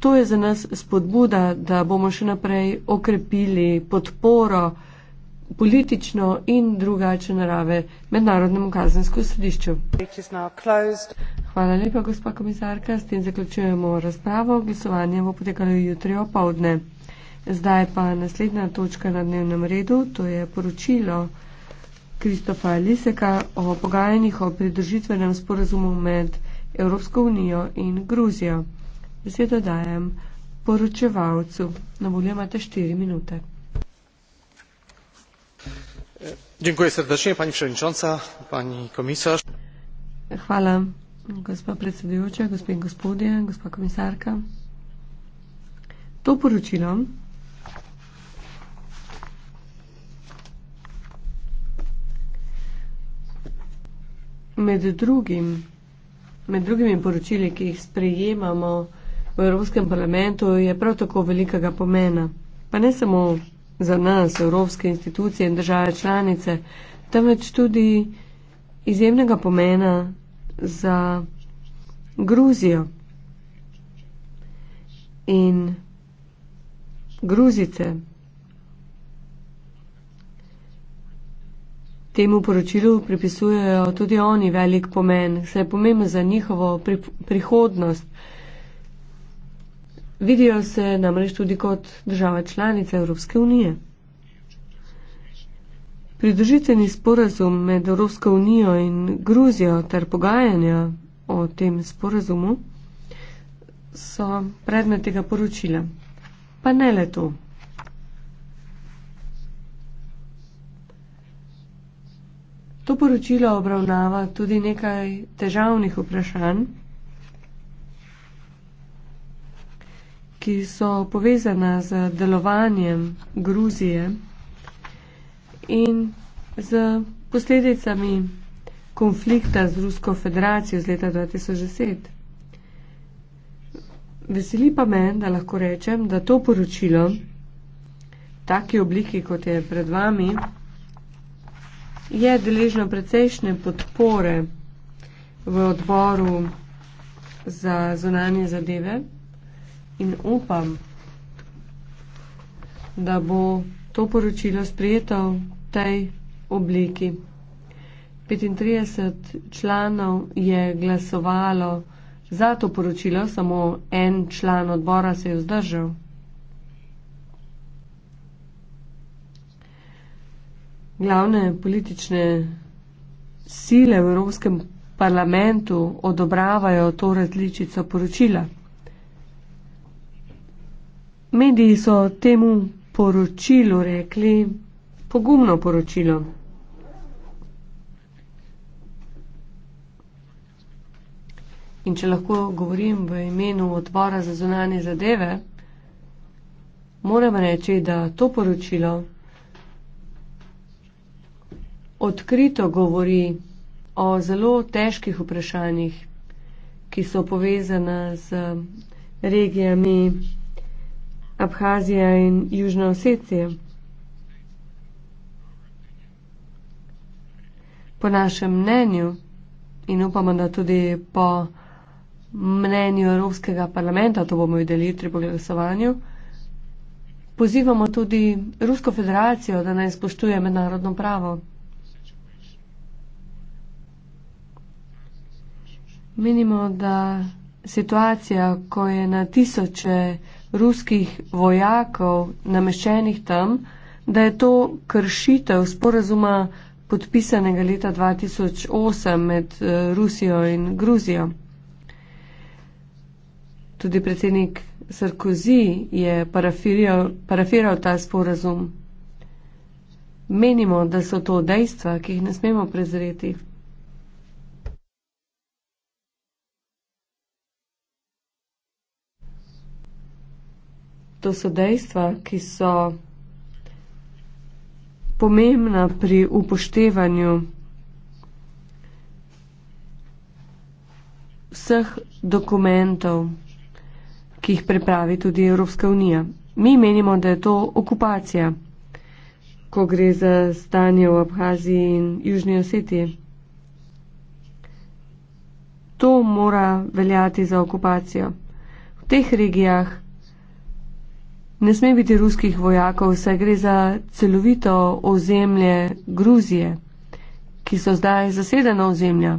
To je za nas spodbuda, da bomo še naprej okrepili podporo politično in drugače narave Mednarodnemu kazenskemu središču. Hvala lepa, gospa komisarka. S tem zaključujemo razpravo. Glasovanje bo potekalo jutri o povdne. Zdaj pa naslednja točka na dnevnem redu, to je poročilo Kristofa Liseka o pogajanjih o pridružitvenem sporazumu med Evropsko unijo in Gruzijo. Besedo dajem poročevalcu. Na voljo imate štiri minute. Dziękuję srdecznie, pani przewodnicząca, pani komisarz. Hvala, gospa predsedujoča, gospod in gospodje, gospa komisarka. To poročilo med drugim, med drugimi poročili, ki jih sprejemamo, v Evropskem parlamentu je prav tako velikega pomena. Pa ne samo za nas, evropske institucije in države članice, temveč tudi izjemnega pomena za Gruzijo in Gruzice. Temu poročilu pripisujejo tudi oni velik pomen, saj je pomembno za njihovo prihodnost. Vidijo se namreč tudi kot država članica Evropske unije. Pridružitveni sporazum med Evropsko unijo in Gruzijo ter pogajanja o tem sporazumu so predmet tega poročila. Pa ne le to. To poročilo obravnava tudi nekaj težavnih vprašanj, ki so povezana z delovanjem Gruzije in z posledicami konflikta z Rusko federacijo z leta 2010. Veseli pa me, da lahko rečem, da to poročilo, v taki obliki, kot je pred vami, je deležno precejšnje podpore v odboru za zunanje zadeve in upam, da bo to poročilo sprijeto v tej obliki. 35 članov je glasovalo za to poročilo, samo en član odbora se je vzdržal. Glavne politične sile v Evropskem parlamentu odobravajo to različico poročila. Mediji so temu poročilu rekli pogumno poročilo. In če lahko govorim v imenu odbora za zunanje zadeve, moram reči, da to poročilo odkrito govori o zelo težkih vprašanjih, ki so povezana z regijami. Abhazija in Južna Osetija. Po našem mnenju in upamo, da tudi po mnenju Evropskega parlamenta, to bomo videli jutri po glasovanju, pozivamo tudi Rusko federacijo, da naj spoštuje mednarodno pravo. Menimo, da situacija, ko je na tisoče ruskih vojakov nameščenih tam, da je to kršitev sporazuma podpisanega leta 2008 med eh, Rusijo in Gruzijo. Tudi predsednik Sarkozy je parafiral, parafiral ta sporazum. Menimo, da so to dejstva, ki jih ne smemo prezreti. to so dejstva, ki so pomembna pri upoštevanju vseh dokumentov, ki jih pripravi tudi Evropska unija. Mi menimo, da je to okupacija, ko gre za stanje v Abhaziji in Južni Osetiji. To mora veljati za okupacijo. V teh regijah ne sme biti ruskih vojakov, saj gre za celovito ozemlje Gruzije, ki so zdaj zasedena ozemlja.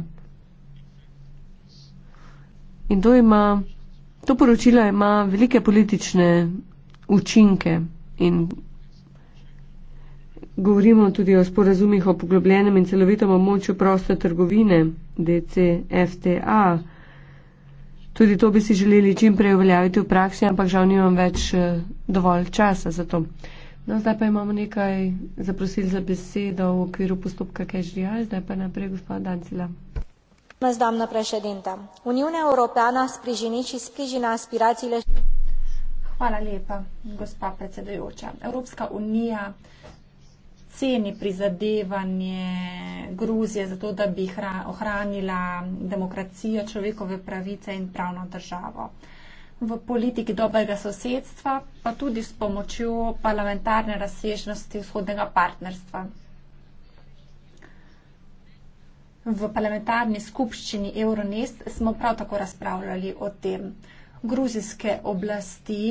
In to ima, to poročilo ima velike politične učinke in govorimo tudi o sporazumih o poglobljenem in celovitem območju proste trgovine DCFTA. Tudi to bi si želeli čim prej uveljaviti v praksi, ampak žal nimam več eh, dovolj časa za to. No, zdaj pa imamo nekaj zaprosil za besedo v okviru postopka Kežrija, zdaj pa naprej gospod Dancila. Zdamna prešedenta. Unijuna Evropana sprižiniči sprižina aspiracije. Hvala lepa, gospa predsedujoča. Evropska unija ceni prizadevanje Gruzije za to, da bi ohranila demokracijo, človekove pravice in pravno državo. V politiki dobrega sosedstva, pa tudi s pomočjo parlamentarne razsežnosti vzhodnega partnerstva. V parlamentarni skupščini Euronest smo prav tako razpravljali o tem. Gruzijske oblasti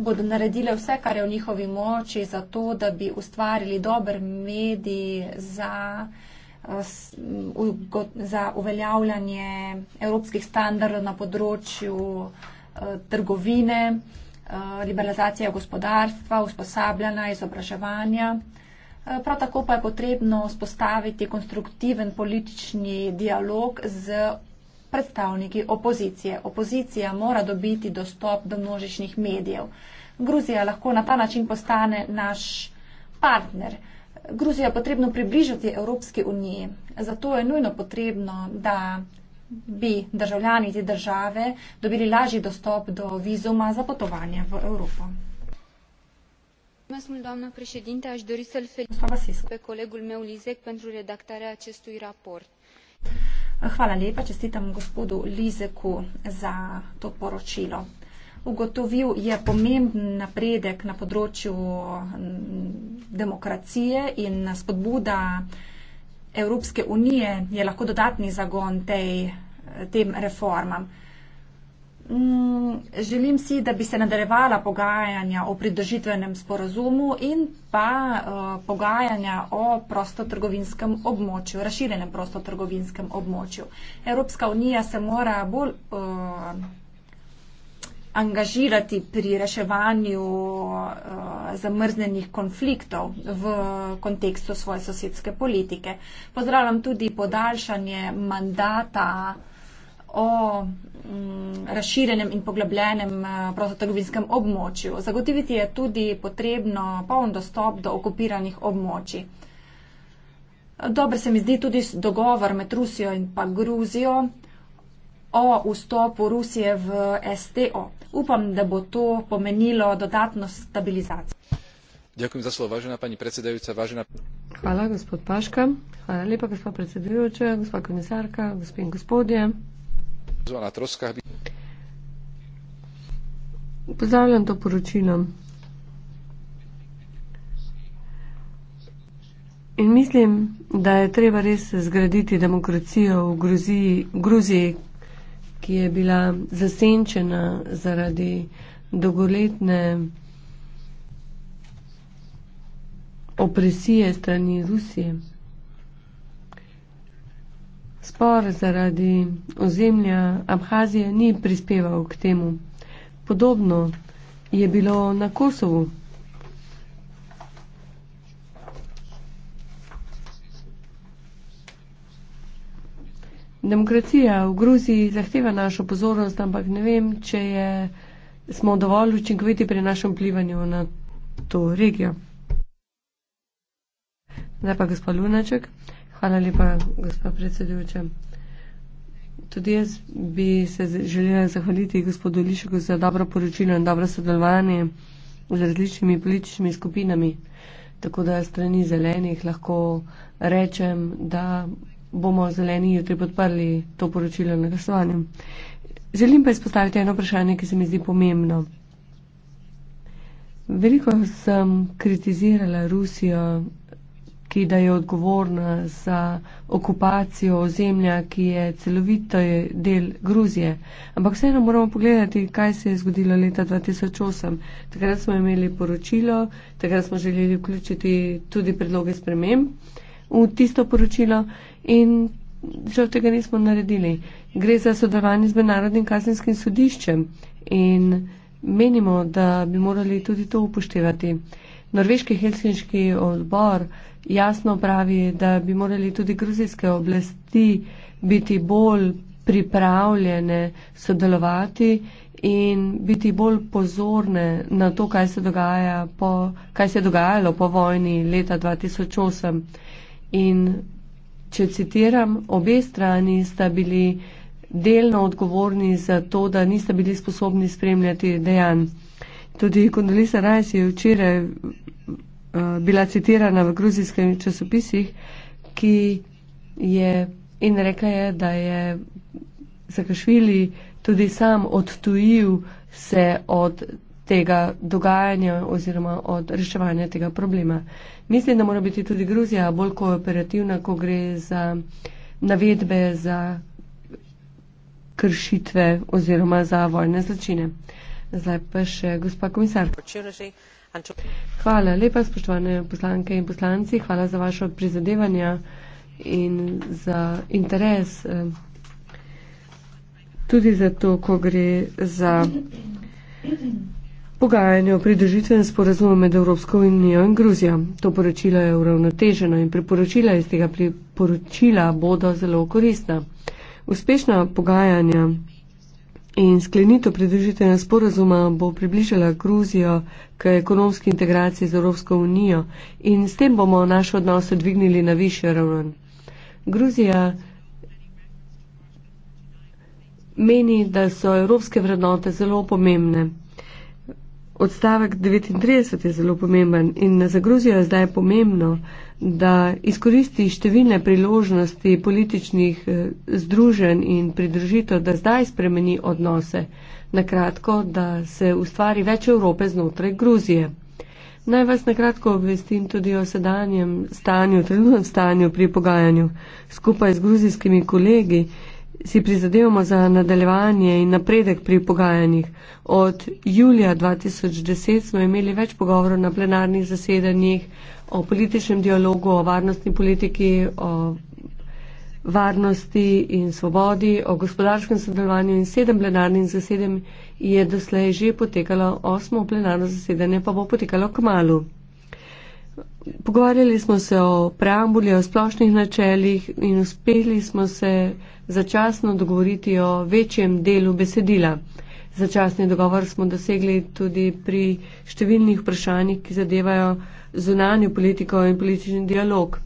bodo naredile vse, kar je v njihovi moči, za to, da bi ustvarili dober medij za, eh, za uveljavljanje evropskih standardov na področju eh, trgovine, eh, liberalizacije gospodarstva, usposabljanja, izobraževanja. Prav tako pa je potrebno spostaviti konstruktiven politični dialog z predstavniki opozicije. Opozicija mora dobiti dostop do množičnih medijev. Gruzija lahko na ta način postane naš partner. Gruzijo je potrebno približati Evropske unije. Zato je nujno potrebno, da bi državljani te države dobili lažji dostop do vizuma za potovanje v Evropo. Mulțumesc, doamna președinte. Aș dori să-l felicit pe colegul meu, Lizec, pentru redactarea acestui raport. Hvala lepa, čestitam gospodu Lizeku za to poročilo. Ugotovil je pomemben napredek na področju demokracije in spodbuda Evropske unije je lahko dodatni zagon tej, tem reformam. Mm, želim si, da bi se nadaljevala pogajanja o pridržitvenem sporazumu in pa eh, pogajanja o prostotrgovinskem območju, razširjenem prostotrgovinskem območju. Evropska unija se mora bolj eh, angažirati pri reševanju eh, zamrznenih konfliktov v kontekstu svoje sosedske politike. Pozdravljam tudi podaljšanje mandata o mm, razširjenem in poglobljenem eh, prostotrgovinskem območju. Zagotoviti je tudi potrebno poln dostop do okupiranih območij. Dobro se mi zdi tudi dogovor med Rusijo in pa Gruzijo o vstopu Rusije v STO. Upam, da bo to pomenilo dodatno stabilizacijo. Ďakujem za slovo, vážená pani predsedajúca. Vážená... Hvala, gospod Paška. Hvala lepa, gospod predsedujúča, gospod komisárka, gospod in gospodje zvana troska. Pozdravljam to poročilo. In mislim, da je treba res zgraditi demokracijo v Gruziji, Gruziji ki je bila zasenčena zaradi dolgoletne opresije strani Rusije. Spor zaradi ozemlja Abhazije ni prispeval k temu. Podobno je bilo na Kosovu. Demokracija v Gruziji zahteva našo pozornost, ampak ne vem, če je, smo dovolj učinkoviti pri našem vplivanju na to regijo. Zdaj pa gospod Lunaček. Hvala lepa, gospa predsedujoča. Tudi jaz bi se želela zahvaliti gospodu Lišeku za dobro poročilo in dobro sodelovanje z različnimi političnimi skupinami. Tako da strani zelenih lahko rečem, da bomo zeleni jutri podprli to poročilo na glasovanju. Želim pa izpostaviti eno vprašanje, ki se mi zdi pomembno. Veliko sem kritizirala Rusijo ki da je odgovorna za okupacijo ozemlja, ki je celovito je del Gruzije. Ampak vseeno moramo pogledati, kaj se je zgodilo leta 2008. Takrat smo imeli poročilo, takrat smo želeli vključiti tudi predloge sprememb v tisto poročilo in žal tega nismo naredili. Gre za sodelovanje z Mednarodnim kazenskim sodiščem in menimo, da bi morali tudi to upoštevati. Norveški helsinški odbor jasno pravi, da bi morali tudi gruzijske oblasti biti bolj pripravljene sodelovati in biti bolj pozorne na to, kaj se, po, kaj se je dogajalo po vojni leta 2008. In če citiram, obe strani sta bili delno odgovorni za to, da nista bili sposobni spremljati dejanj. Tudi Kondolisa Rajs je včeraj eh, bila citirana v gruzijskem časopisih, ki je in rekla je, da je Zakašvili tudi sam odtujil se od tega dogajanja oziroma od reševanja tega problema. Mislim, da mora biti tudi Gruzija bolj kooperativna, ko gre za navedbe za kršitve oziroma za vojne zločine. Zdaj pa še gospa komisar. Hvala lepa, spoštovane poslanke in poslanci, hvala za vašo prizadevanja in za interes eh, tudi za to, ko gre za pogajanje o pridružitvenem sporazumu med Evropsko unijo in Gruzijo. To poročilo je uravnoteženo in priporočila iz tega priporočila bodo zelo koristna. Uspešna pogajanja In sklenitev pridružitvena sporazuma bo približala Gruzijo k ekonomski integraciji z Evropsko unijo in s tem bomo naše odnose dvignili na više raven. Gruzija meni, da so evropske vrednote zelo pomembne. Odstavek 39 je zelo pomemben in za Gruzijo je zdaj pomembno, da izkoristi številne priložnosti političnih eh, združenj in pridružitev, da zdaj spremeni odnose. Na kratko, da se ustvari več Evrope znotraj Gruzije. Naj vas na kratko obvestim tudi o sedanjem stanju, trenutnem stanju pri pogajanju skupaj z gruzijskimi kolegi si prizadevamo za nadaljevanje in napredek pri pogajanjih. Od julija 2010 smo imeli več pogovorov na plenarnih zasedanjih o političnem dialogu, o varnostni politiki, o varnosti in svobodi, o gospodarskem sodelovanju in sedem plenarnih zasedanj je doslej že potekalo, osmo plenarno zasedanje pa bo potekalo k malu. Pogovarjali smo se o preambuli, o splošnih načelih in uspeli smo se začasno dogovoriti o večjem delu besedila. Začasni dogovor smo dosegli tudi pri številnih vprašanjih, ki zadevajo zunanju politiko in politični dialog.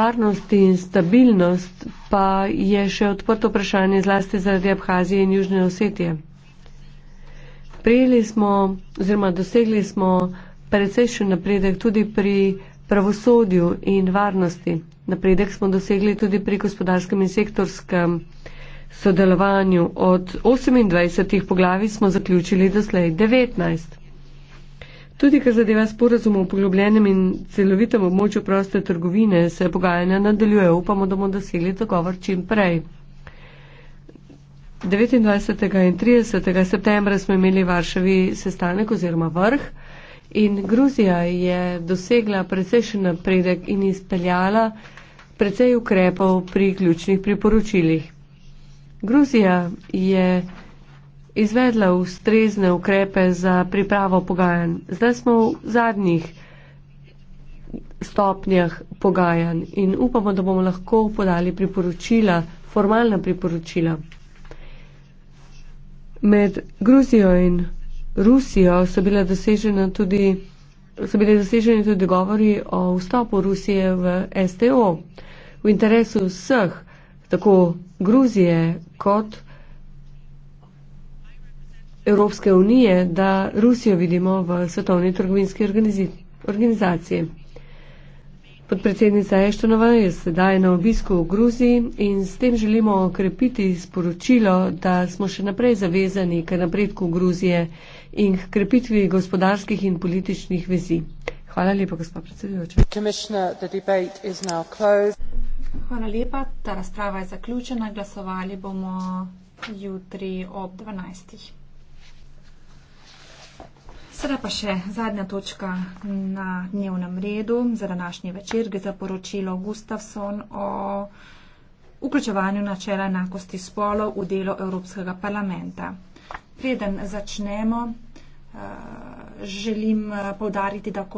Varnost in stabilnost pa je še odprto vprašanje zlasti zaradi Abhazije in Južne Osetije. Prijeli smo oziroma dosegli smo precejšen napredek tudi pri pravosodju in varnosti. Napredek smo dosegli tudi pri gospodarskem in sektorskem sodelovanju. Od 28 poglavi smo zaključili doslej 19. Tudi kar zadeva sporazum o poglobljenem in celovitem območju proste trgovine, se pogajanja nadaljuje. Upamo, da bomo dosegli dogovor čim prej. 29. in 30. septembra smo imeli v Varšavi sestanek oziroma vrh. In Gruzija je dosegla precejšen napredek in izpeljala precej ukrepov pri ključnih priporočilih. Gruzija je izvedla ustrezne ukrepe za pripravo pogajanj. Zdaj smo v zadnjih stopnjah pogajanj in upamo, da bomo lahko podali priporočila, formalna priporočila. Med Gruzijo in Rusijo so bile dosežene tudi so bili doseženi tudi govori o vstopu Rusije v STO. V interesu vseh, tako Gruzije kot Evropske unije, da Rusijo vidimo v svetovni trgovinski organizaciji. Podpredsednica Eštonova je sedaj na obisku v Gruziji in s tem želimo okrepiti sporočilo, da smo še naprej zavezani k napredku Gruzije in k krepitvi gospodarskih in političnih vezi. Hvala lepa, gospod predsedujoča. Hvala lepa, ta razprava je zaključena. Glasovali bomo jutri ob 12. Sedaj pa še zadnja točka na dnevnem redu za današnji večer, gre za poročilo Gustavson o vključevanju načela enakosti spolov v delo Evropskega parlamenta. Preden začnemo, eh, želim eh, povdariti, da komentar.